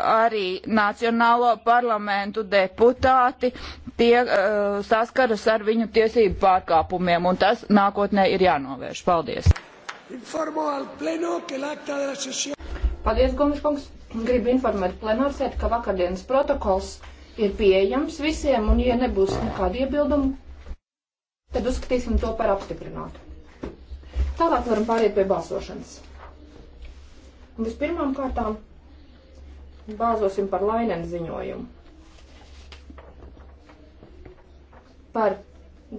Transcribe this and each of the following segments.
arī Nacionālo parlamentu deputāti tie uh, saskaras ar viņu tiesību pārkāpumiem, un tas nākotnē ir jānovērš. Paldies! Paldies, Gumškungs! Gribu informēt plenārsēt, ka vakardienas protokols ir pieejams visiem, un ja nebūs nekāda iebildumu, tad uzskatīsim to par apstiprinātu. Tālāk varam pāriet pie balsošanas. Vispirmām kārtām Balsosim par lainen ziņojumu. Par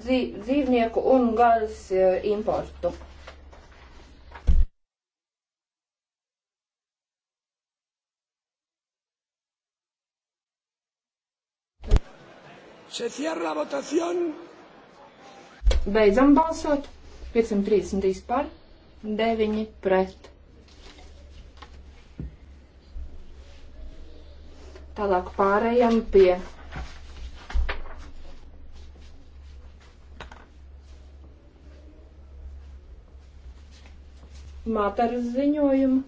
dzīvnieku un gaļas e, importu. Se cierra la votación. Beidzam balsot. 533 par, 9 pret. Tālāk pārējām pie. Mātaras ziņojumu.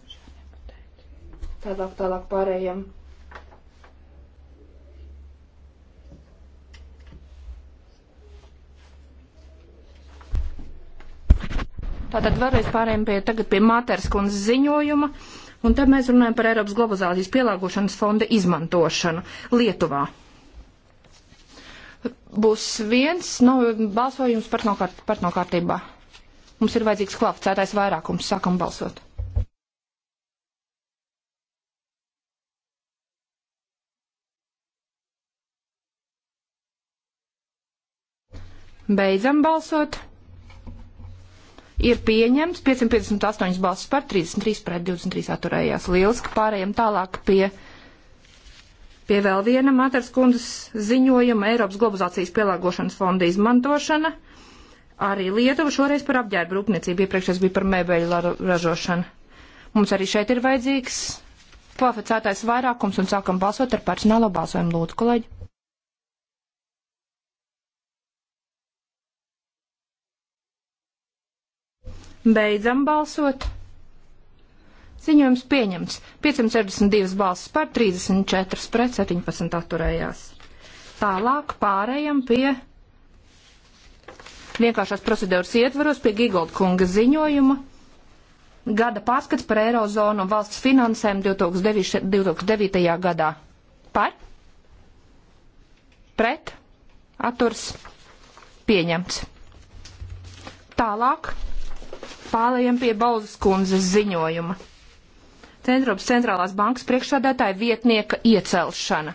Tālāk, tālāk pārējām. Tātad vēlreiz pārējām pie, tagad pie Mātaras kundzes ziņojuma. Uh, Un tad mēs runājam par Eiropas globalizācijas pielāgošanas fonda izmantošanu Lietuvā. Būs viens no nu, balsojums partnokārt, partnokārtībā. Mums ir vajadzīgs kvalificētais vairākums. Sākam balsot. Beidzam balsot ir pieņemts 558 balsis par 33 pret 23 atturējās. Lieliski pārējiem tālāk pie, pie vēl viena Maters kundzes ziņojuma Eiropas globalizācijas pielāgošanas fonda izmantošana. Arī Lietuva šoreiz par apģērbu rūpniecību, iepriekšējais bija par mēbeļu ražošanu. Mums arī šeit ir vajadzīgs kvalificētais vairākums un sākam balsot ar personālo balsojumu. Lūdzu, kolēģi! Beidzam balsot. Ziņojums pieņemts. 562 balsis par, 34 pret, 17 atturējās. Tālāk pārējam pie vienkāršās procedūras ietvaros pie Gigolda kunga ziņojuma. Gada pārskats par Eirozonu un valsts finansēm 2009, 2009. gadā. Par? Pret? Atturs? Pieņemts. Tālāk Pārējiem pie Balzas kundzes ziņojuma. Centropas centrālās bankas priekšsādātāja vietnieka iecelšana.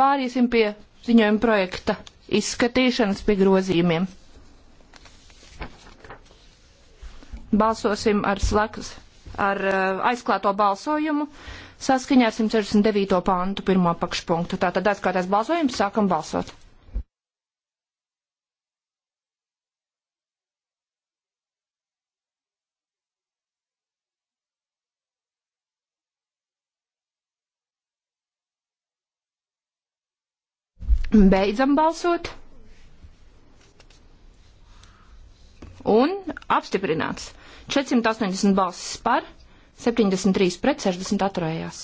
Pāriesim pie ziņojuma projekta izskatīšanas pie grozījumiem. Balsosim ar slakas, ar uh, aizklāto balsojumu saskaņā ar 169. pāntu pirmo pakšpunktu. Tātad aizklātais balsojums, sākam balsot. Beidzam balsot. Un apstiprināts. 480 balsis par, 73 pret, 60 atturējās.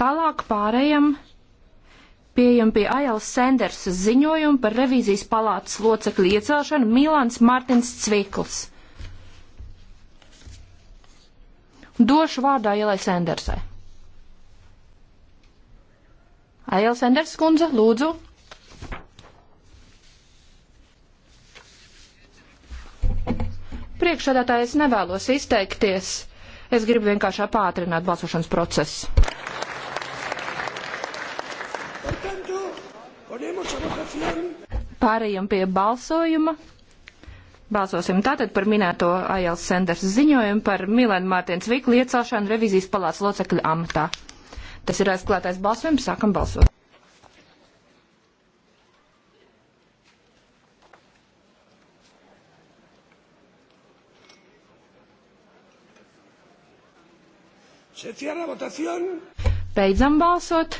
Tālāk pārējam pieejam pie Ailes Sandersas ziņojumu par revīzijas palātas locekļu iecelšanu Milāns Mārtins Cvikls. Došu vārdā Ielai Sandersai. Aila Sanders kundze, lūdzu. Priekšsēdētāji, es nevēlos izteikties. Es gribu vienkārši apātrināt balsošanas procesu. Pārējiem pie balsojuma. Balsosim tātad par minēto Aila Sanders ziņojumu par Milēnu Mārtiņu Cviklu iecelšanu revizijas palāca locekļu amatā. Tas ir aizklātais balsojums, sākam balsot. Beidzam balsot.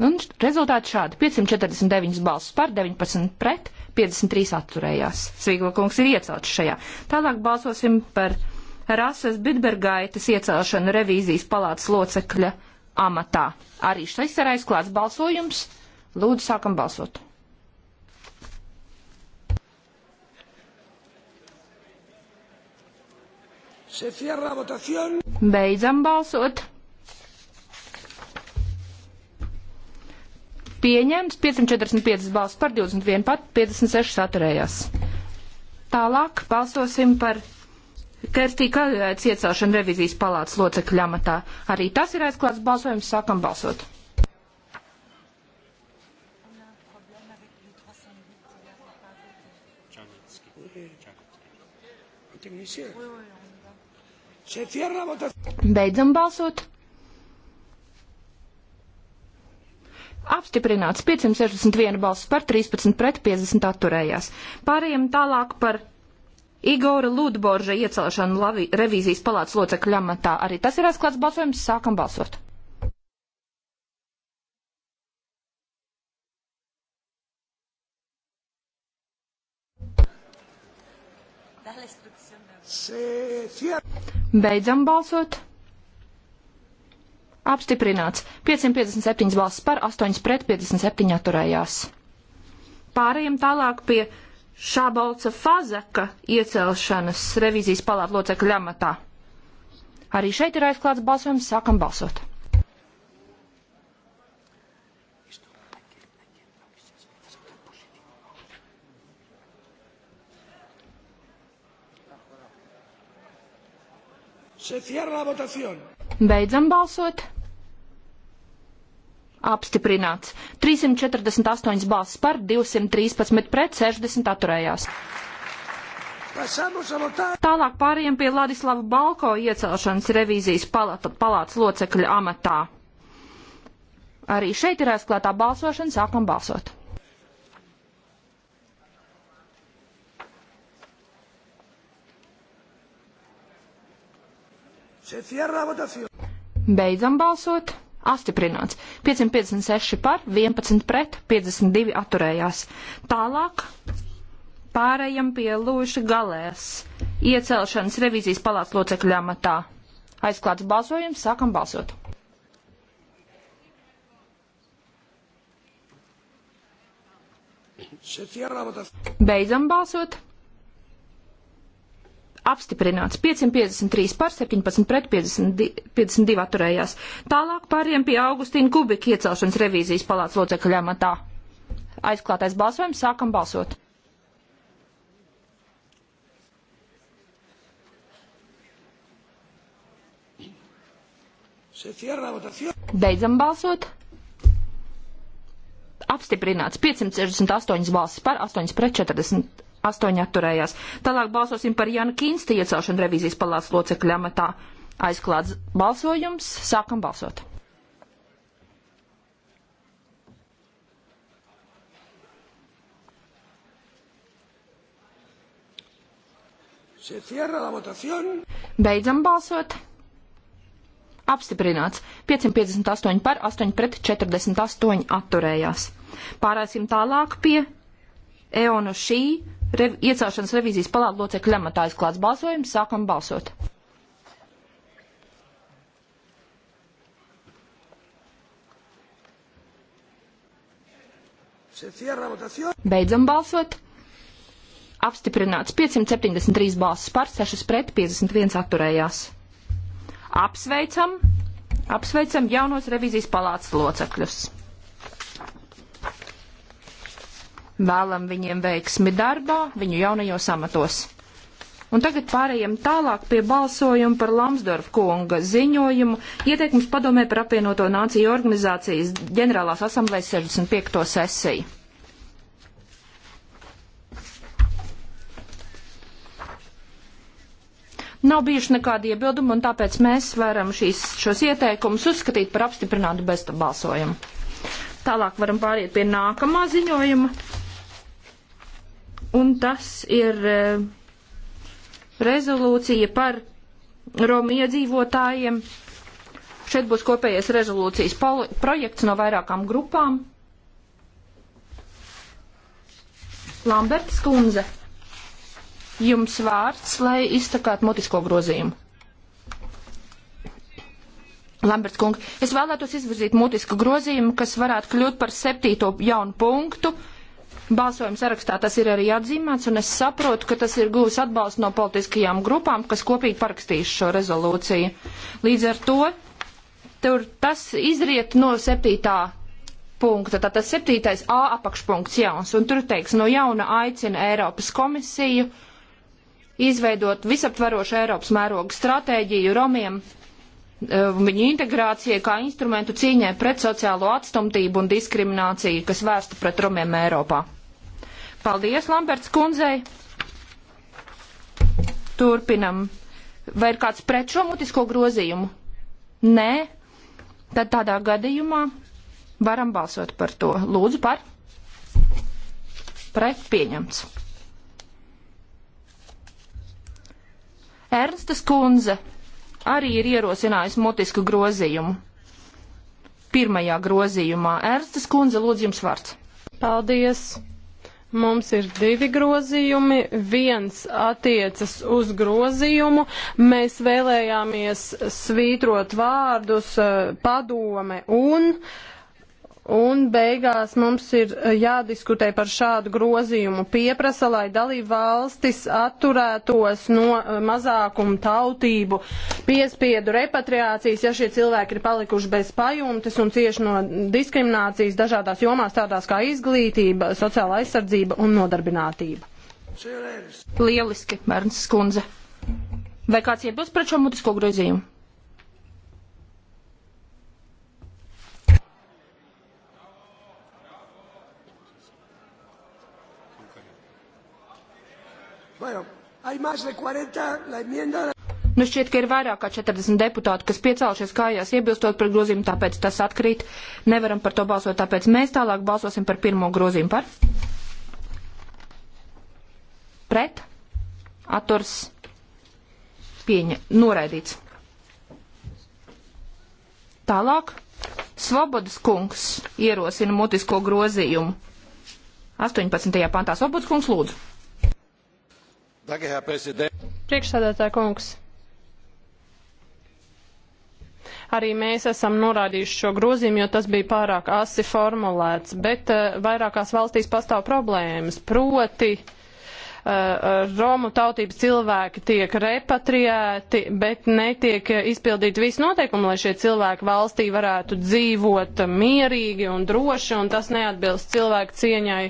Un rezultāti šādi. 549 balsis par, 19 pret, 53 atturējās. Svīgla kungs ir iecelts šajā. Tālāk balsosim par Rasas Bitbergaitas iecelšanu revīzijas palātas locekļa amatā. Arī šis ir aizklāts balsojums. Lūdzu, sākam balsot. Beidzam balsot. Pieņemts 545 balss par 21 pat 56 atturējās. Tālāk balsosim par ka ir tika atļauts eh, iecelšana revizijas palātas locekļa amatā. Arī tas ir aizklāts balsojums, sākam balsot. Beidzam balsot. Apstiprināts 561 balss par, 13 pret, 50 atturējās. Pārējiem tālāk par Igora Ludborža iecelšanu lavi, revīzijas palātas locekļu amatā. Arī tas ir atklāts balsojums. Sākam balsot. Beidzam balsot. Apstiprināts. 557 balsis par, 8 pret, 57 atturējās. Pārējiem tālāk pie Šābalca Fazaka iecelšanas revizijas palāta locekļa amatā. Arī šeit ir aizklāts balsojums, sākam balsot. Beidzam balsot apstiprināts. 348 balsis par, 213 pret, 60 atturējās. Tālāk pārējiem pie Ladislava Balko iecelšanas revīzijas palata, palāts locekļa amatā. Arī šeit ir aizklātā balsošana, sākam balsot. Beidzam balsot. Astiprināts. 556 par, 11 pret, 52 atturējās. Tālāk pārējam pie lūša galēs. Iecelšanas revīzijas palāca locekļa amatā. Aizklāts balsojums, sākam balsot. Beidzam balsot apstiprināts 553 par 17 pret 50, 52 atturējās. Tālāk pāriem pie Augustīna Kubika iecelšanas revīzijas palāca locekļā matā. Aizklātais balsojums, sākam balsot. Beidzam balsot. Apstiprināts 568 balsis par 8 pret 40 astoņi atturējās. Tālāk balsosim par Jana Kīnsti iecelšanu revīzijas palātas locekļa amatā. Aizklāts balsojums, sākam balsot. Beidzam balsot. Apstiprināts. 558 par, 8 pret, 48 atturējās. Pārēsim tālāk pie Eonu šī rev, iecelšanas revīzijas palāta locekļu amatā izklāts balsojums. Sākam balsot. Beidzam balsot. Apstiprināts 573 balsis par, 6 pret, 51 atturējās. Apsveicam, apsveicam jaunos revīzijas palātas locekļus. Vēlam viņiem veiksmi darbā, viņu jaunajos amatos. Un tagad pārējiem tālāk pie balsojuma par Lamsdorf kunga ziņojumu ieteikums padomē par apvienoto nāciju organizācijas ģenerālās asamblējas 65. sesiju. Nav bijuši nekādi iebildumi, un tāpēc mēs varam šīs, šos ieteikumus uzskatīt par apstiprinātu bez balsojumu. Tālāk varam pāriet pie nākamā ziņojuma un tas ir e, rezolūcija par Romu iedzīvotājiem. Šeit būs kopējais rezolūcijas projekts no vairākām grupām. Lamberts kundze, jums vārds, lai iztakāt mutisko grozījumu. Lamberts kungs, es vēlētos izvirzīt mutisku grozījumu, kas varētu kļūt par septīto jaunu punktu. Uh, balsojuma sarakstā tas ir arī atzīmēts, un es saprotu, ka tas ir gūs atbalstu no politiskajām grupām, kas kopīgi parakstīs šo rezolūciju. Līdz ar to tur tas izriet no septītā punkta, tātad septītais A apakšpunkts jauns, un tur teiks, no jauna aicina Eiropas komisiju izveidot visaptvarošu Eiropas mērogu stratēģiju Romiem um, viņu integrācijai kā instrumentu cīņai pret sociālo atstumtību un diskrimināciju, kas vērsta pret romiem Eiropā. Paldies, Lamberts kundzei. Turpinam. Vai ir kāds pret šo mutisko grozījumu? Nē. Tad tādā gadījumā varam balsot par to. Lūdzu par. Pret pieņemts. Ernstas kundze arī ir ierosinājusi mutisku grozījumu. Pirmajā grozījumā Ernstas kundze lūdz jums vārds. Paldies! Mums ir divi grozījumi. Viens attiecas uz grozījumu. Mēs vēlējāmies svītrot vārdus eh, padome un uh, Un beigās mums ir eh, jādiskutē par šādu grozījumu. Pieprasa, lai dalību valstis atturētos no eh, mazākumu tautību piespiedu repatriācijas, ja šie cilvēki ir palikuši bez pajumtes un cieši no diskriminācijas dažādās jomās, tādās kā izglītība, sociāla aizsardzība un nodarbinātība. Lieliski, Mērns Skundze. Vai kāds iebilst pret šo mutisko grozījumu? Bueno, hay más de 40 la enmienda. Nu šķiet, ka ir vairāk kā 40 deputāti, kas piecēlušies kājās iebilstot par grozījumu, tāpēc tas atkrīt. Nevaram par to balsot, tāpēc mēs tālāk balsosim par pirmo grozījumu par. Pret. Atturs. Pieņa. Noraidīts. Tālāk. Svobodas kungs ierosina mutisko grozījumu. 18. pantā Svobodas kungs lūdzu. Priekšsēdētāja kungs, arī mēs esam norādījuši šo grozījumu, jo tas bija pārāk asi formulēts, bet uh, vairākās valstīs pastāv problēmas. Proti, eh, Romu tautības cilvēki tiek repatriēti, bet netiek izpildīti visi noteikumi, lai šie cilvēki valstī varētu dzīvot mierīgi un droši, un tas neatbilst cilvēku cieņai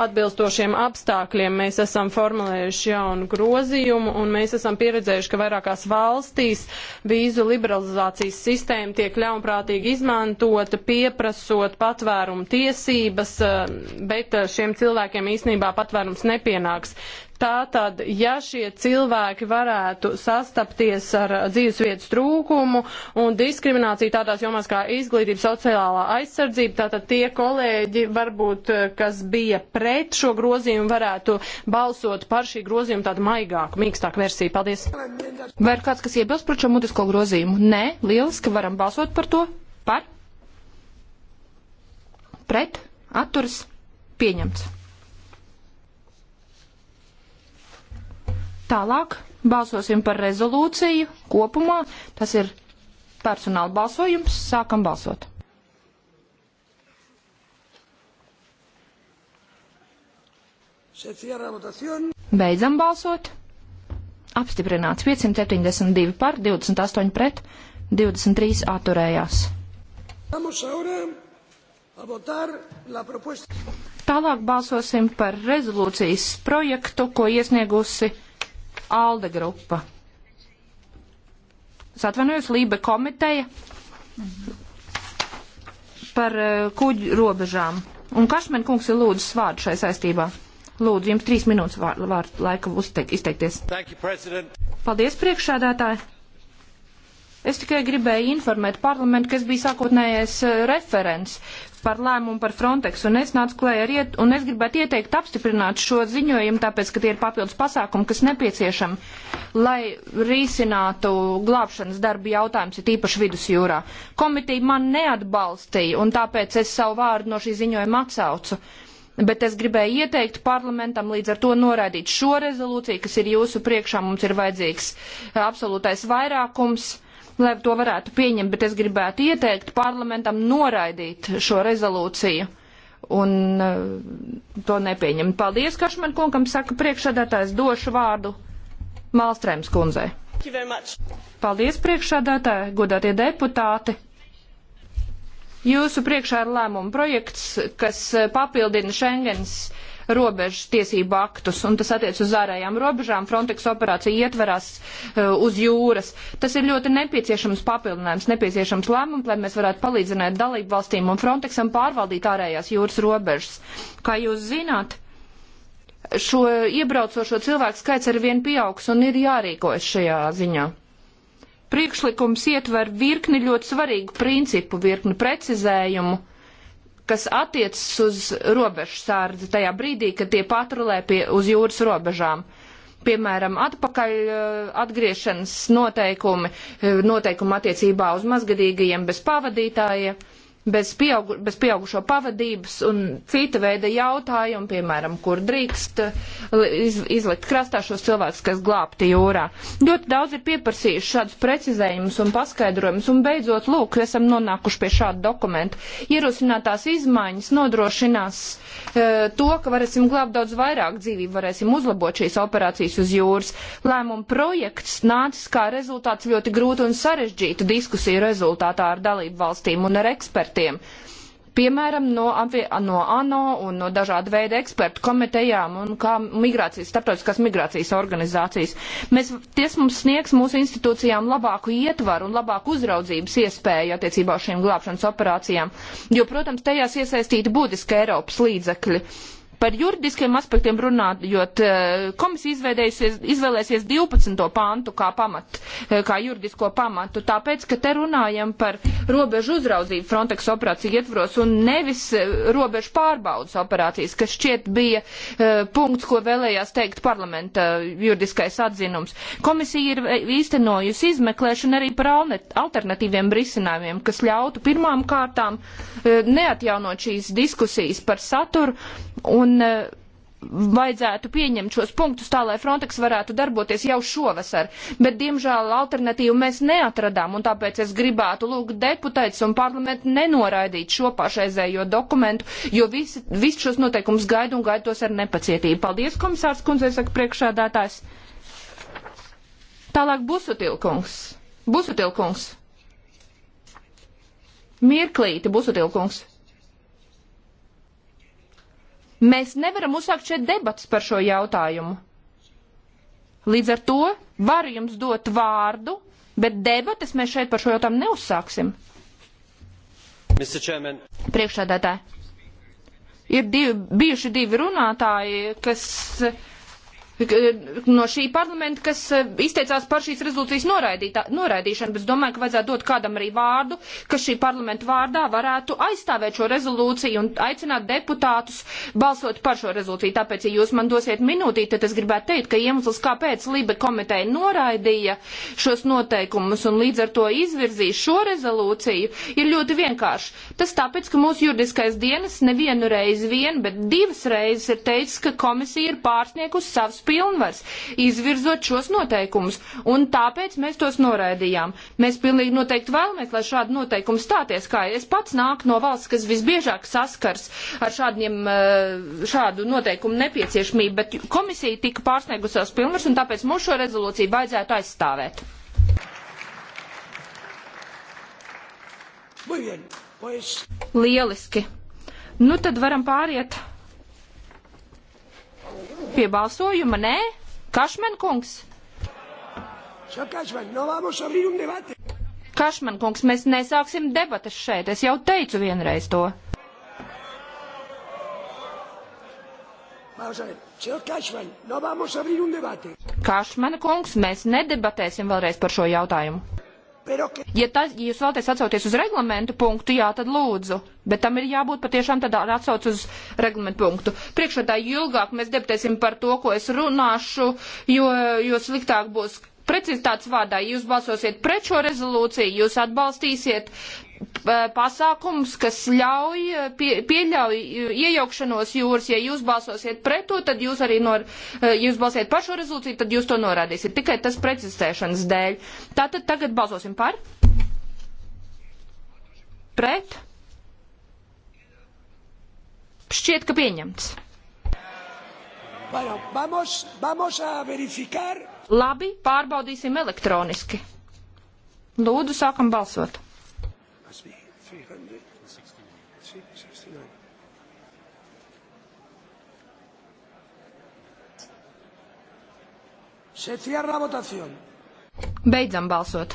atbilstošiem apstākļiem. Mēs esam formulējuši jaunu grozījumu un mēs esam pieredzējuši, ka vairākās valstīs vīzu liberalizācijas sistēma tiek ļaunprātīgi izmantota, pieprasot patvērumu tiesības, eh, bet eh, šiem cilvēkiem īstenībā patvērums nepienāks. Tātad, ja šie cilvēki varētu sastapties ar dzīvesvietas trūkumu un diskrimināciju tādās jomās kā izglītība, sociālā aizsardzība, tātad tie kolēģi varbūt, eh, kas bija pret šo grozījumu, varētu balsot par šī grozījuma tādu maigāku, mīkstāku versiju. Paldies! Vai ir kāds, kas iebilst pret šo mutisko grozījumu? Nē, lieliski, varam balsot par to. Par? Pret? Atturas? Pieņemts. Tālāk balsosim par rezolūciju kopumā. Tas ir personāla balsojums. Sākam balsot. Beidzam balsot. Apstiprināts 572 par, 28 pret, 23 atturējās. Tālāk balsosim par rezolūcijas projektu, ko iesniegusi ALDE grupa. Es atvainojos, Lībe komiteja par eh, kuģu robežām. Un Kašmen kungs ir lūdzis vārdu šai saistībā. Lūdzu, jums trīs minūtes vārdu, vārdu laika uzteik, izteikties. You, Paldies, priekšsēdētāji. Es tikai gribēju informēt parlamentu, kas bija sākotnējais eh, referents par lēmumu par Frontex, un es nācu klēja ar iet, un es gribētu ieteikt apstiprināt šo ziņojumu, tāpēc, ka tie ir papildus pasākumi, kas nepieciešami, lai risinātu glābšanas darbu jautājums, ir tīpaši vidusjūrā. Komitīja man neatbalstīja, un tāpēc es savu vārdu no šī ziņojuma atsaucu. Bet es gribēju ieteikt parlamentam līdz ar to noraidīt šo rezolūciju, kas ir jūsu priekšā, mums ir vajadzīgs absolūtais vairākums lai to varētu pieņemt, bet es gribētu ieteikt parlamentam noraidīt šo rezolūciju un uh, to nepieņemt. Paldies, Kašman kungam, saka priekšsādātājs, došu vārdu Malstrēms kundzei. Paldies, priekšsādātāji, godātie deputāti. Jūsu priekšā ir lēmuma projekts, kas papildina Schengens uh, robežu tiesību aktus, un tas attiec uz ārējām robežām Frontex operācija ietverās uh, uz jūras. Tas ir ļoti nepieciešams papildinājums, nepieciešams lēmums, lai mēs varētu palīdzināt dalību valstīm un Frontexam pārvaldīt ārējās jūras robežas. Kā jūs zināt, šo iebraucošo cilvēku skaits ar vien pieaugs un ir jārīkojas šajā ziņā. Priekšlikums ietver virkni ļoti svarīgu principu, virkni precizējumu kas attiecas uz robežu sārdzi tajā brīdī, kad tie patrulē pie, uz jūras robežām. Piemēram, atpakaļ eh, atgriešanas noteikumi, eh, noteikumi attiecībā uz mazgadīgajiem bez pavadītājiem bez, pieaugu, bez pieaugušo pavadības un cita veida jautājumu, piemēram, kur drīkst uh, iz, izlikt krastā šos cilvēkus, kas glābti jūrā. Ļoti daudz ir pieprasījuši šādus precizējumus un paskaidrojumus, un beidzot, lūk, esam nonākuši pie šāda dokumenta. Ierosinātās izmaiņas nodrošinās e, to, ka varēsim glābt daudz vairāk dzīvību, varēsim uzlabot šīs operācijas uz jūras. Lēmuma projekts nācis kā rezultāts ļoti grūti un sarežģītu diskusiju rezultātā ar dalību valstīm un ar ekspertiem ekspertiem. Piemēram, no, no ANO un no dažāda veida ekspertu komitejām un kā migrācijas, starptautiskās migrācijas organizācijas. Mēs, ties mums sniegs mūsu institūcijām labāku ietvaru un labāku uzraudzības iespēju attiecībā uz šīm glābšanas operācijām, jo, protams, tajās iesaistīti būtiski Eiropas līdzekļi Par juridiskiem aspektiem runājot, e, komisija izvēlēsies 12. pantu kā, pamat, e, kā juridisko pamatu, tāpēc, ka te runājam par robežu uzraudzību Frontex operāciju ietvaros un nevis e, robežu pārbaudas operācijas, kas šķiet bija uh, punkts, ko vēlējās teikt parlamenta juridiskais atzinums. Komisija ir īstenojusi izmeklēšanu arī par alternatīviem risinājumiem, kas ļautu pirmām kārtām uh, neatjaunot šīs diskusijas par saturu un un eh, vajadzētu pieņemt šos punktus tā, lai Frontex varētu darboties jau šovasar, bet diemžēl alternatīvu mēs neatradām, un tāpēc es gribētu lūgt deputātus un parlamentu nenoraidīt šo pašreizējo dokumentu, jo visi, visi šos noteikumus gaidu un gaidu tos ar nepacietību. Paldies, komisārs kundzei, saka priekšādātājs. Tālāk Busutilkungs. Busutilkungs. Mirklīti, Busutilkungs. Mēs nevaram uzsākt šeit debatas par šo jautājumu. Līdz ar to varu jums dot vārdu, bet debatas mēs šeit par šo jautājumu neuzsāksim. Priekšsēdētāji, ir divi, bijuši divi runātāji, kas no šī parlamenta, kas eh, izteicās par šīs rezolūcijas noraidīšanu, bet es domāju, ka vajadzētu dot kādam arī vārdu, kas šī parlamenta vārdā varētu aizstāvēt šo rezolūciju un aicināt deputātus balsot par šo rezolūciju. Tāpēc, ja jūs man dosiet minūtī, tad es gribētu teikt, ka iemesls, kāpēc Libe komiteja noraidīja šos noteikumus un līdz ar to izvirzīja šo rezolūciju, ir ļoti vienkārši. Tas tāpēc, ka mūsu juridiskais dienas nevienu reizi vien, bet divas reizes ir teicis, ka komisija ir pārsniegusi savus pilnvars, izvirzot šos noteikumus, un tāpēc mēs tos noraidījām. Mēs pilnīgi noteikti vēlamies, lai šādi noteikumi stāties, kā es pats nāku no valsts, kas visbiežāk saskars ar šādiem, eh, šādu noteikumu nepieciešamību, bet komisija tika pārsniegusi savus pilnvars, un tāpēc mums šo rezolūciju vajadzētu aizstāvēt. Muy bien, pues... Lieliski. Nu tad varam pāriet Pie balsojuma, nē? Kašmen kungs? Nu Kašman kungs, mēs nesāksim debatas šeit. Es jau teicu vienreiz to. Kašmana nu kungs, mēs nedebatēsim vēlreiz par šo jautājumu. Ja, tas, ja jūs vēlaties atsauties uz reglamentu punktu, jā, tad lūdzu. Bet tam ir jābūt patiešām tādā atsauc uz reglamentu punktu. Priekšētāji ilgāk mēs debatēsim par to, ko es runāšu, jo, jo sliktāk būs precizitātes vārdā, jūs balsosiet pret šo rezolūciju, jūs atbalstīsiet pasākums, kas ļauj, pie, pieļauj iejaukšanos jūras. Ja jūs balsosiet pret to, tad jūs arī, nor, ja eh, jūs balsiet par šo rezolūciju, tad jūs to norādīsiet tikai tas precizēšanas dēļ. Tātad tagad balsosim par? Pret? Šķiet, ka pieņemts. Bueno, vamos, vamos a verificar. Labi, pārbaudīsim elektroniski. Lūdzu, sākam balsot. Se cierra votación. Beidzam balsot.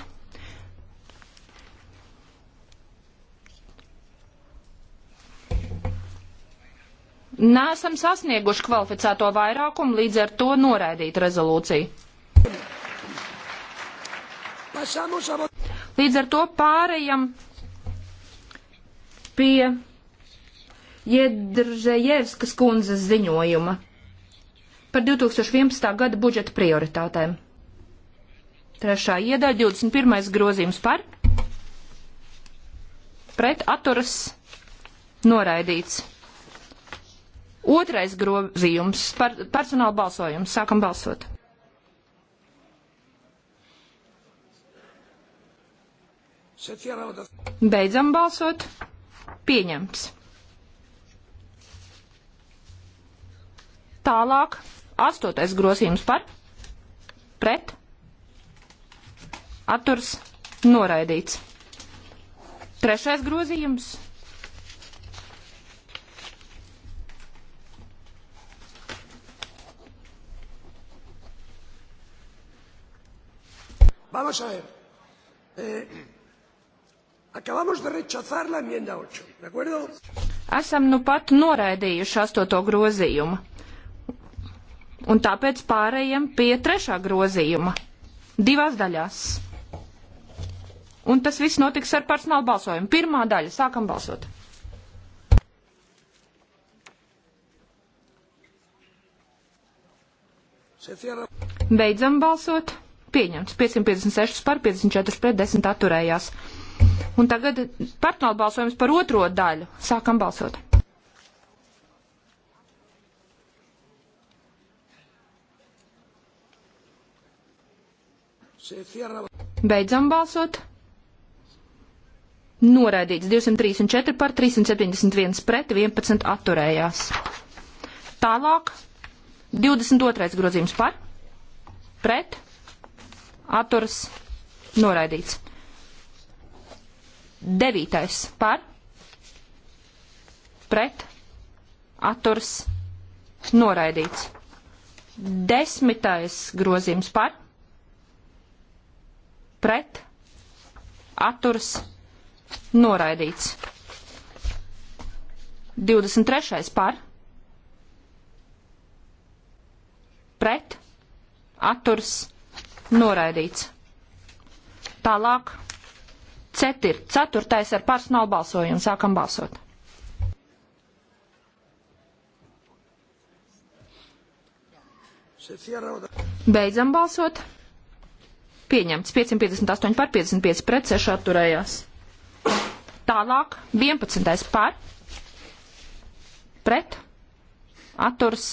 Nesam sasnieguši kvalificēto vairākumu, līdz ar to noraidīt rezolūciju. Līdz ar to pārējam pie Jedržējevskas kundzes ziņojuma par 2011. gada budžeta prioritātēm. Trešā iedaļa 21. grozījums par pret atturas noraidīts. Otrais grozījums par personāla balsojumu. Sākam balsot. Beidzam balsot. Pieņemts. Tālāk Astotais grozījums par pret atturs noraidīts. Trešais grozījums. Vamos a ver. Eh, acabamos de rechazar la enmienda 8, ¿de acuerdo? Esam nu pat noraidījuši astoto grozījumu. Un tāpēc pārējiem pie trešā grozījuma. Divās daļās. Un tas viss notiks ar personālu balsojumu. Pirmā daļa. Sākam balsot. Beidzam balsot. Pieņemts. 556 par 54 pret 10 atturējās. Un tagad personāla balsojums par otro daļu. Sākam balsot. Beidzam balsot. Noraidīts 234 par 371 pret 11 atturējās. Tālāk 22. grozījums par pret atturas noraidīts. 9. par pret atturas noraidīts. 10. grozījums par pret pret, atturas, noraidīts. 23. par, pret, atturas, noraidīts. Tālāk, cetir, ceturtais ar personālu balsojumu, sākam balsot. Beidzam balsot. Pieņemts 558 par 55 pret 6 atturējās. Tālāk 11. par pret atturs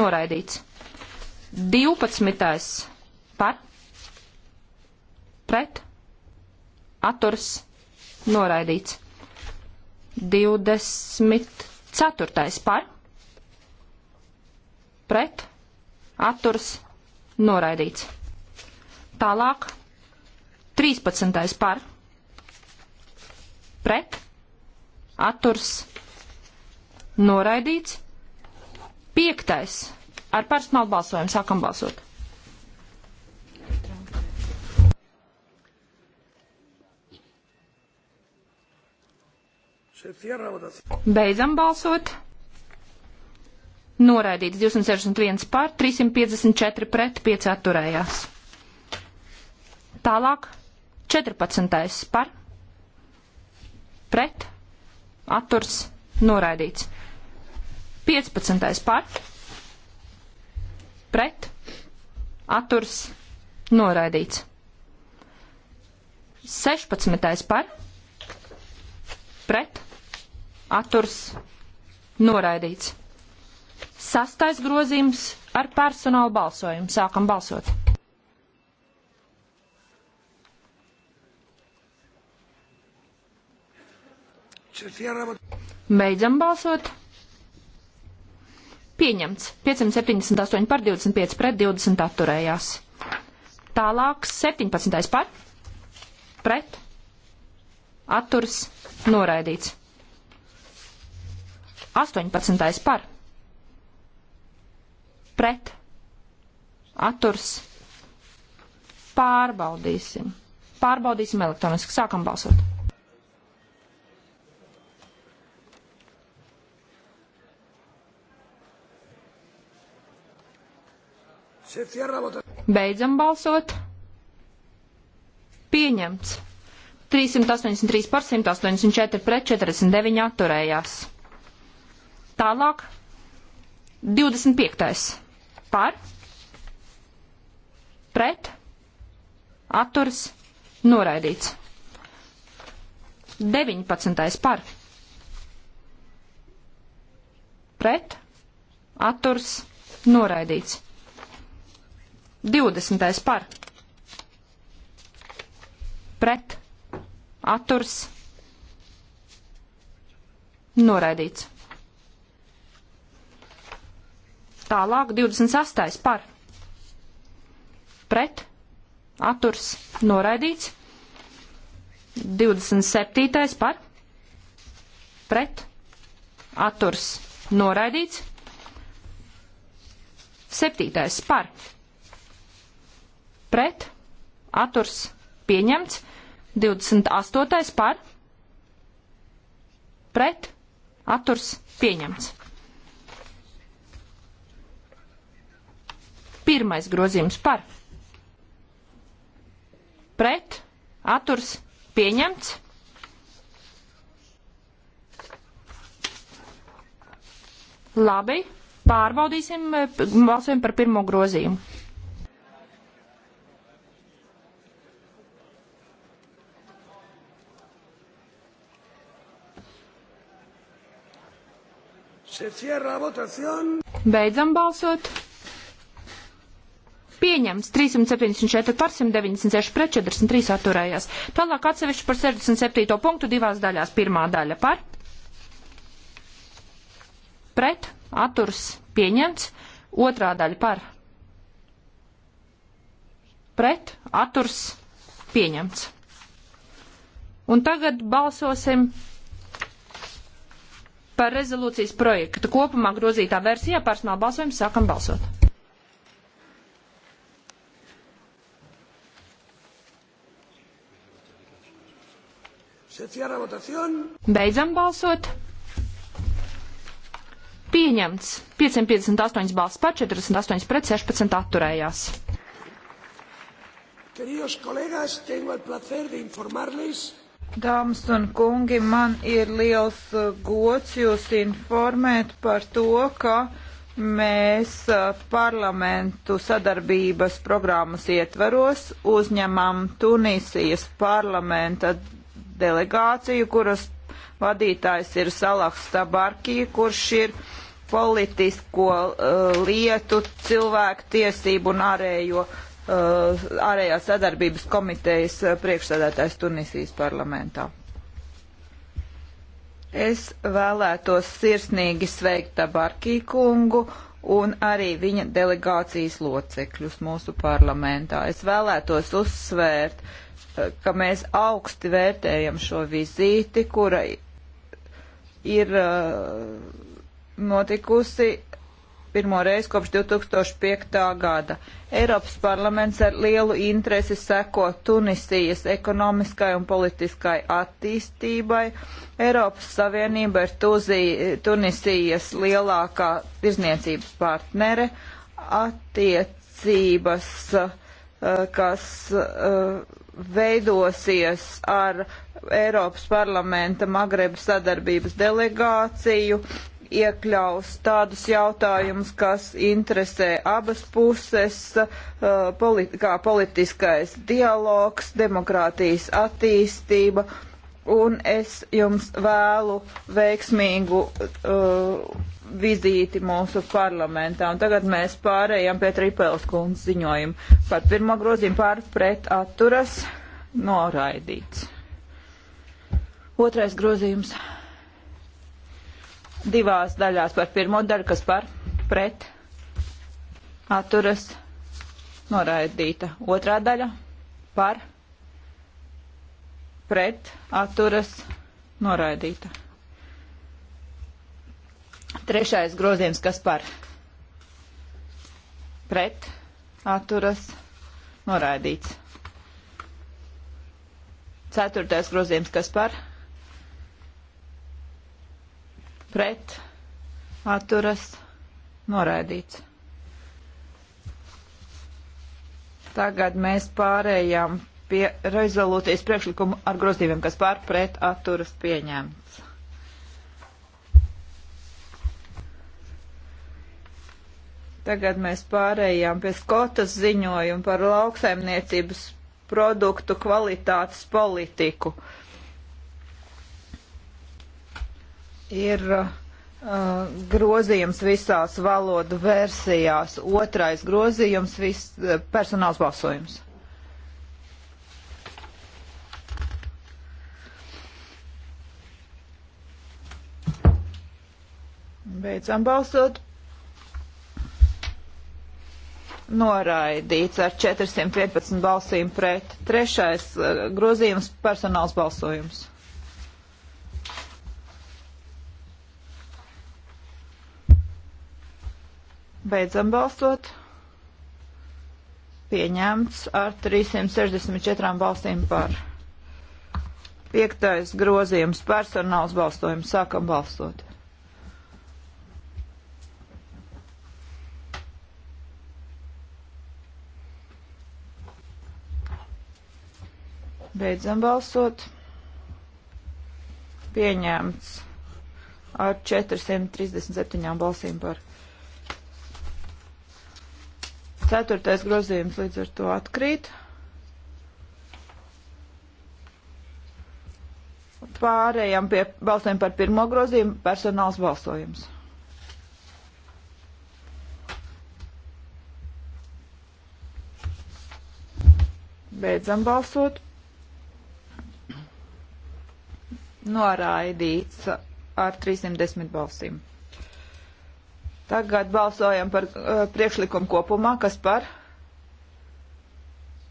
noraidīts. 12. par pret atturs noraidīts. 24. par pret atturs noraidīts. Tālāk 13. par pret atturs noraidīts. 5. ar personālu balsojumu sākam balsot. Beidzam balsot. Noraidīts 261 pār, 354 pret, 5 atturējās. Tālāk 14. par pret atturs noraidīts. 15. par pret atturs noraidīts. 16. par pret atturs noraidīts. Sastais grozījums ar personālu balsojumu. Sākam balsot! Beidzam balsot. Pieņemts. 578 par 25 pret 20 atturējās. Tālāk 17. par pret atturs noraidīts. 18. par pret atturs pārbaudīsim. Pārbaudīsim elektroniski. Sākam balsot. Beidzam balsot. Pieņemts. 383 par 184 pret 49 atturējās. Tālāk. 25. Par. Pret. Atturs. Noraidīts. 19. par. Pret. Atturs. Noraidīts. 20. par. Pret. Atturs. Noraidīts. Tālāk 28. par. Pret. Atturs. Noraidīts. 27. par. Pret. Atturs. Noraidīts. 7. par pret, atturs pieņemts, 28. par, pret, atturs pieņemts. Pirmais grozījums par, pret, atturs pieņemts. Labi, pārbaudīsim, eh, balsojam par pirmo grozījumu. Beidzam balsot. Pieņems 374 par 196 pret 43 atturējās. Tālāk atsevišķi par 67. punktu divās daļās. Pirmā daļa par. Pret. Atturs pieņemts. Otrā daļa par. Pret. Atturs pieņemts. Un tagad balsosim par rezolūcijas projektu kopumā grozītā versijā personāla balsojumu sākam balsot. Beidzam balsot. Pieņemts 558 balss par, 48 pret, 16 atturējās. Queridos colegas, tengo el placer de informarles Dāmas un kungi, man ir liels uh, gods jūs informēt par to, ka mēs uh, parlamentu sadarbības programmas ietveros uzņemam Tunisijas parlamenta delegāciju, kuras vadītājs ir Salahs Tabarkī, kurš ir politisko uh, lietu, cilvēku tiesību un ārējo uh, Uh, ārējās sadarbības komitejas uh, priekšsēdētājs Tunisijas parlamentā. Es vēlētos sirsnīgi sveikt Tabarkī kungu un arī viņa delegācijas locekļus mūsu parlamentā. Es vēlētos uzsvērt, uh, ka mēs augsti vērtējam šo vizīti, kura ir notikusi pirmo reizi kopš 2005. gada. Eiropas parlaments ar lielu interesi seko Tunisijas ekonomiskai un politiskai attīstībai. Eiropas Savienība ir Tuzī, Tunisijas lielākā tirzniecības partnere. Attiecības, eh, kas eh, veidosies ar Eiropas parlamenta Magreba sadarbības delegāciju, iekļaus tādus jautājumus, kas interesē abas puses, uh, politi kā politiskais dialogs, demokrātijas attīstība, un es jums vēlu veiksmīgu uh, vizīti mūsu parlamentā. Un tagad mēs pārējām pie Tripels kundzes ziņojumu. Par pirmo grozījumu pār pret atturas noraidīts. Otrais grozījums divās daļās par pirmo daļu, kas par pret atturas noraidīta. Otrā daļa par pret atturas noraidīta. Trešais grozījums, kas par pret atturas noraidīts. Ceturtais grozījums, kas par pret pret atturas noraidīts. Tagad mēs pārējām pie rezolūcijas priekšlikumu ar grozījumiem, kas pār pret atturas pieņemts. Tagad mēs pārējām pie Skotas ziņojuma par lauksaimniecības produktu kvalitātes politiku. Uh, ir uh, grozījums visās valodu versijās, otrais grozījums vis, uh, personāls balsojums. Beidzam balsot. Noraidīts ar 411 balsīm pret. Trešais uh, grozījums personāls balsojums. Beidzam balsot. Pieņemts ar 364 balstīm par. Piektais grozījums personāls balstojums. Sākam balsot. Beidzam balsot. Pieņemts ar 437 balsīm par. Ceturtais grozījums līdz ar to atkrīt. Pārējām pie balsēm par pirmo grozījumu personāls balsojums. Beidzam balsot. Noraidīts ar 310 balsīm. Tagad balsojam par uh, priekšlikumu kopumā, kas par,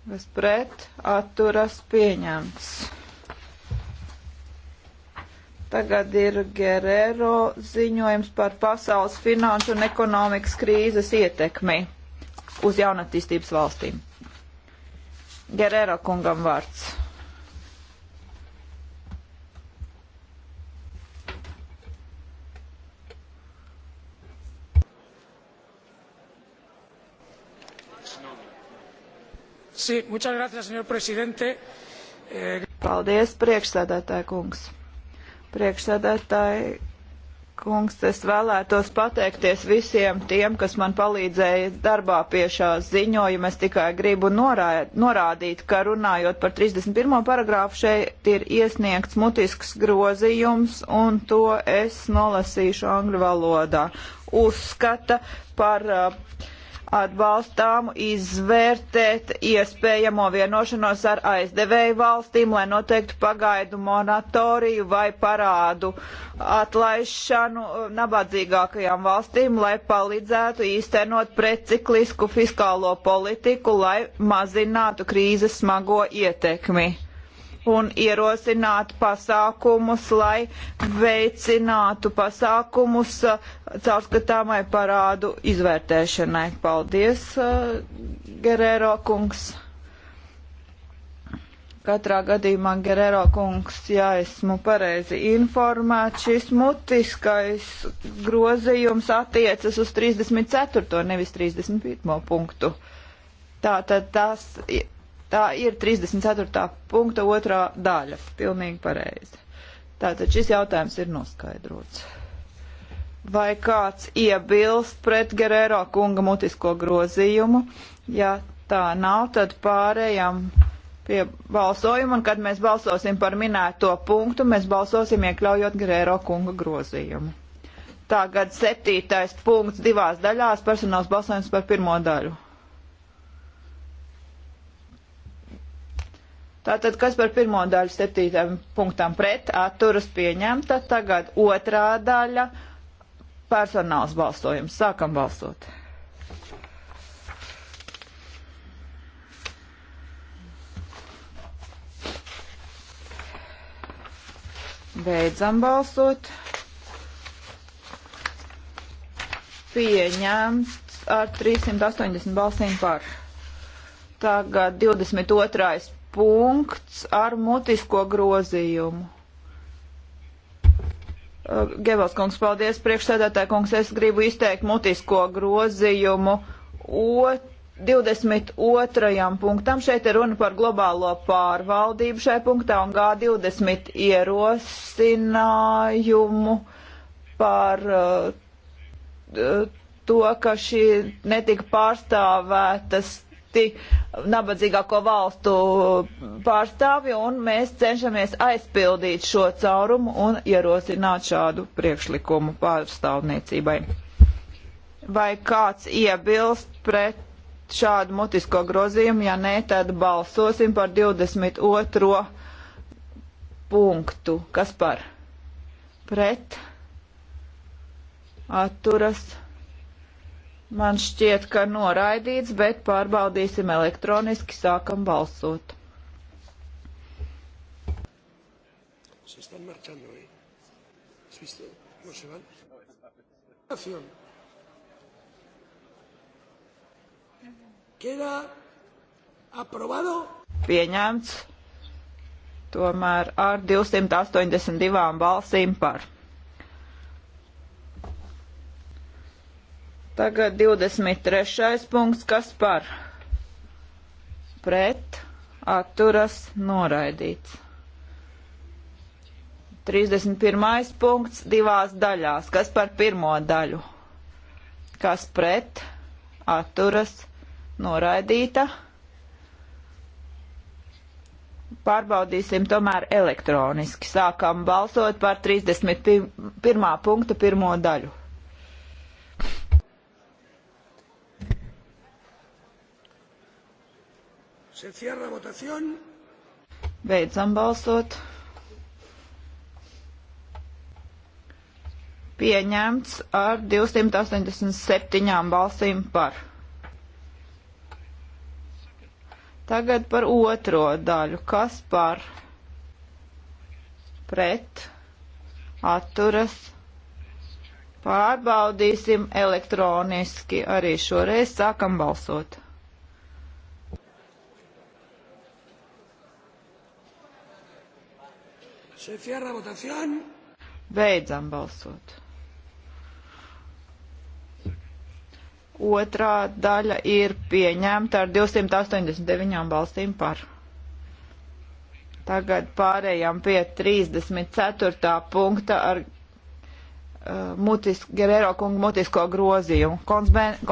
kas pret, atturas pieņemts. Tagad ir Gerero ziņojums par pasaules finanšu un ekonomikas krīzes ietekmi uz jaunatīstības valstīm. Gerero kungam vārds. Sí, gracias, señor presidente. Eh, Paldies, priekšsēdētāji kungs. Priekšsēdētāji kungs, es vēlētos pateikties visiem tiem, kas man palīdzēja darbā pie šā ziņojuma. Es tikai gribu norā, norādīt, ka runājot par 31. paragrāfu šeit ir iesniegts mutisks grozījums, un to es nolasīšu angļu valodā. Uzskata par uh, atbalstām izvērtēt iespējamo vienošanos ar aizdevēju valstīm, lai noteiktu pagaidu monatoriju vai parādu atlaišanu uh, nabadzīgākajām valstīm, lai palīdzētu īstenot preciklisku fiskālo politiku, lai mazinātu krīzes smago ietekmi un ierosināt pasākumus, lai veicinātu pasākumus uh, caurskatāmai parādu izvērtēšanai. Paldies, uh, Gerēro kungs! Katrā gadījumā, Gerero kungs, ja esmu pareizi informēts, šis mutiskais grozījums attiecas uz 34. nevis 31. punktu. Tātad tas Tā ir 34. punkta otrā daļa. Pilnīgi pareizi. Tātad šis jautājums ir noskaidrots. Vai kāds iebilst pret Gerēro kunga mutisko grozījumu? Ja tā nav, tad pārējām pie balsojuma, un kad mēs balsosim par minēto punktu, mēs balsosim iekļaujot Gerēro kunga grozījumu. Tagad septītais punkts divās daļās - personāls balsojums par pirmo daļu. Tātad, kas par pirmo daļu septītam punktam pret atturas pieņemta, tagad otrā daļa personāls balsojums. Sākam balsot. Beidzam balsot. Pieņemts ar 380 balsīm par. Tagad 22 punkts ar mutisko grozījumu. Uh, Gevels kungs, paldies priekšsēdētāji kungs, es gribu izteikt mutisko grozījumu. Ot 22. punktam. Šeit ir runa par globālo pārvaldību šai punktā un G20 ierosinājumu par uh, uh, to, ka šī netika pārstāvētas citi nabadzīgāko valstu pārstāvi, un mēs cenšamies aizpildīt šo caurumu un ierosināt šādu priekšlikumu pārstāvniecībai. Vai kāds iebilst pret šādu mutisko grozījumu? Ja nē, tad balsosim par 22. punktu. Kas par? Pret? Atturas? Man šķiet, ka noraidīts, bet pārbaudīsim elektroniski, sākam balsot. ¿eh? Pieņemts tomēr ar 282 balsīm par. Tagad 23. punkts, kas par pret atturas noraidīts. 31. punkts divās daļās. Kas par pirmo daļu? Kas pret atturas noraidīta? Pārbaudīsim tomēr elektroniski. Sākam balsot par 31. punktu pirmo daļu. Se cierra votación. Beidzam balsot. Pieņemts ar 287 balsīm par. Tagad par otro daļu. Kas par pret atturas? Pārbaudīsim elektroniski arī šoreiz sākam balsot. Se cierra votación. Beidzam balsot. Otrā daļa ir pieņemta ar 289 balstīm par. Tagad pārējām pie 34. punkta ar uh, mutis, Gerero kungu mutisko grozījumu.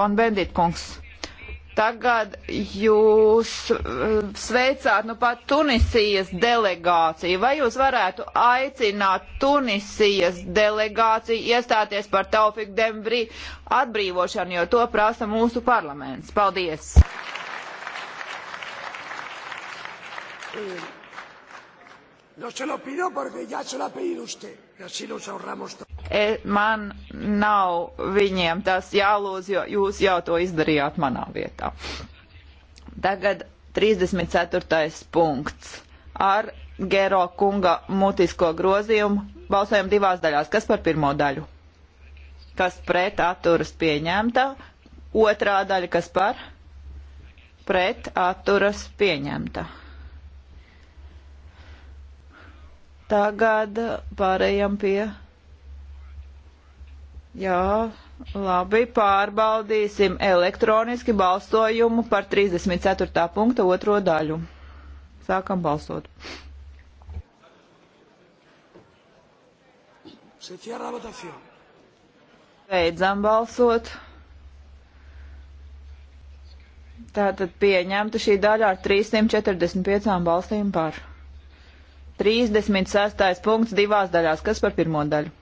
Konbendit kungs Tagad jūs eh, sveicāt nu pat Tunisijas delegāciju. Vai jūs varētu aicināt Tunisijas delegāciju iestāties par Taufiku Dembrī atbrīvošanu, jo to prasa mūsu parlaments? Paldies! No se lo pido porque ya se lo ha pedido usted. Y así nos ahorramos todo. E, man nav viņiem tas jālūdz, jo jūs jau to izdarījāt manā vietā. Tagad 34. punkts ar Gero kunga mutisko grozījumu balsojumu divās daļās. Kas par pirmo daļu? Kas pret atturas pieņemta? Otrā daļa, kas par? Pret atturas pieņemta. Tagad pārējām pie Jā, labi, pārbaudīsim elektroniski balsojumu par 34. punktu otro daļu. Sākam balsot. Beidzam balsot. Tātad pieņemta šī daļa ar 345 balstīm par. 36. punkts divās daļās. Kas par pirmo daļu?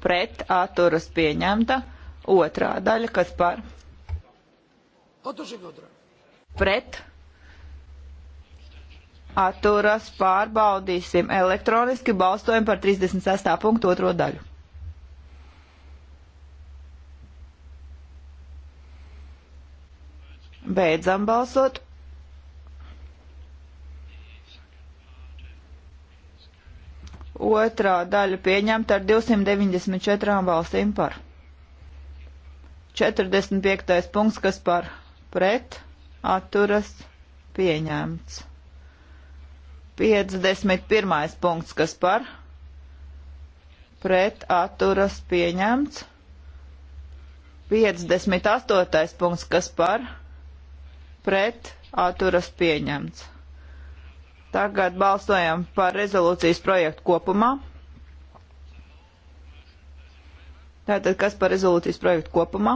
pret atturas pieņemta. Otrā daļa, kas par pret atturas pārbaudīsim elektroniski balstojam par 36. punktu otro daļu. Beidzam balsot. otrā daļa pieņemta ar 294 valstīm par. 45. punkts, kas par pret atturas pieņemts. 51. punkts, kas par pret atturas pieņemts. 58. punkts, kas par pret atturas pieņemts. Tagad balsojam par rezolūcijas projektu kopumā. Tātad, kas par rezolūcijas projektu kopumā?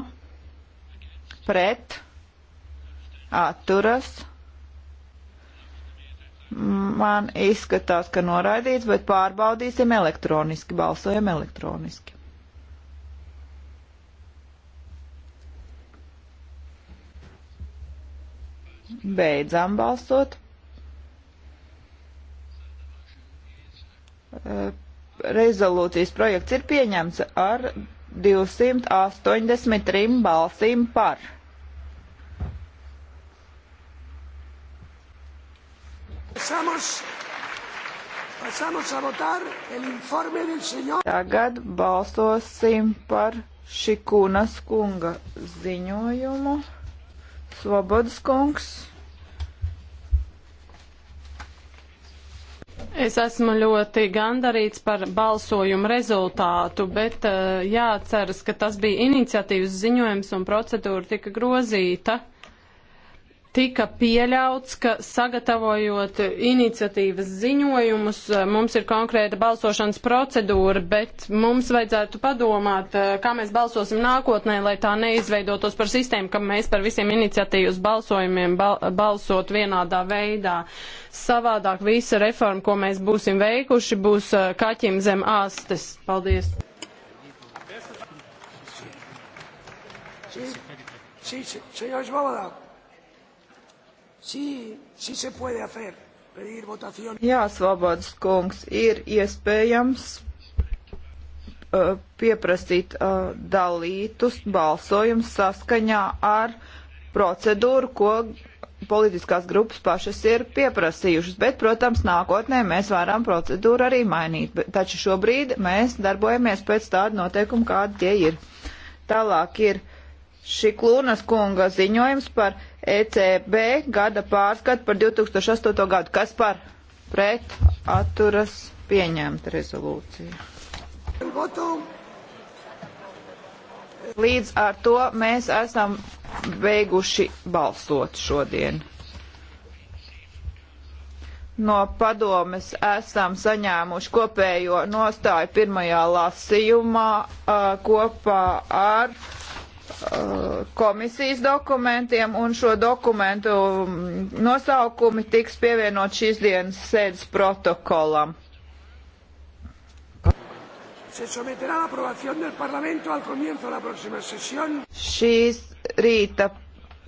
Pret. Atturas. Man izskatās, ka noraidīts, bet pārbaudīsim elektroniski. Balsojam elektroniski. Beidzām balsot. rezolūcijas projekts ir pieņemts ar 283 balsīm par. Tagad balsosim par Šikunas kunga ziņojumu. Svobodas kungs. Es esmu ļoti gandarīts par balsojumu rezultātu, bet uh, jāceras, ka tas bija iniciatīvas ziņojums un procedūra tika grozīta tika pieļauts, ka sagatavojot iniciatīvas ziņojumus, mums ir konkrēta balsošanas procedūra, bet mums vajadzētu padomāt, kā mēs balsosim nākotnē, lai tā neizveidotos par sistēmu, ka mēs par visiem iniciatīvas balsojumiem bal balsot vienādā veidā. Savādāk visa reforma, ko mēs būsim veikuši, būs kaķim zem āstes. Paldies! Sí, sí, señor Svoboda. Sí, sí se puede hacer. Pedir votación. Jā, Svobodas kungs, ir iespējams uh, pieprasīt uh, dalītus balsojumus saskaņā ar procedūru, ko politiskās grupas pašas ir pieprasījušas. Bet, protams, nākotnē mēs varam procedūru arī mainīt. Bet, taču šobrīd mēs darbojamies pēc tādu noteikumu, kādi tie ir. Tālāk ir Šī klūnas kunga ziņojums par ECB gada pārskatu par 2008. gadu. Kas par pret atturas pieņemt rezolūciju? Līdz ar to mēs esam beiguši balsot šodien. No padomes esam saņēmuši kopējo nostāju pirmajā lasījumā kopā ar Uh, komisijas dokumentiem, un šo dokumentu nosaukumi tiks pievienot šīs dienas sēdes protokolam. Šīs rīta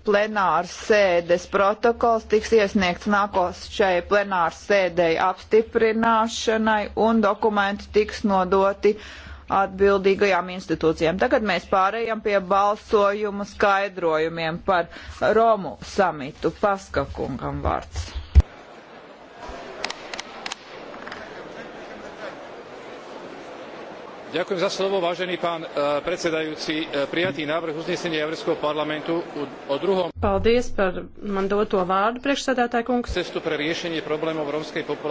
plenāras sēdes protokols tiks iesniegts nākošai plenāras sēdei apstiprināšanai, un dokumenti tiks nodoti uh, atbildīgajām institūcijām. Tagad mēs pārējām pie balsojuma skaidrojumiem par Romu samitu. Paskakungam vārds. Ďakujem za slovo, vážený pán eh, predsedajúci. Eh, prijatý návrh uznesenia Európskeho parlamentu o druhom... Paldies par man doto vārdu, priekšsēdētāj kungs. ...cestu pre riešenie problémov rómskej populácie.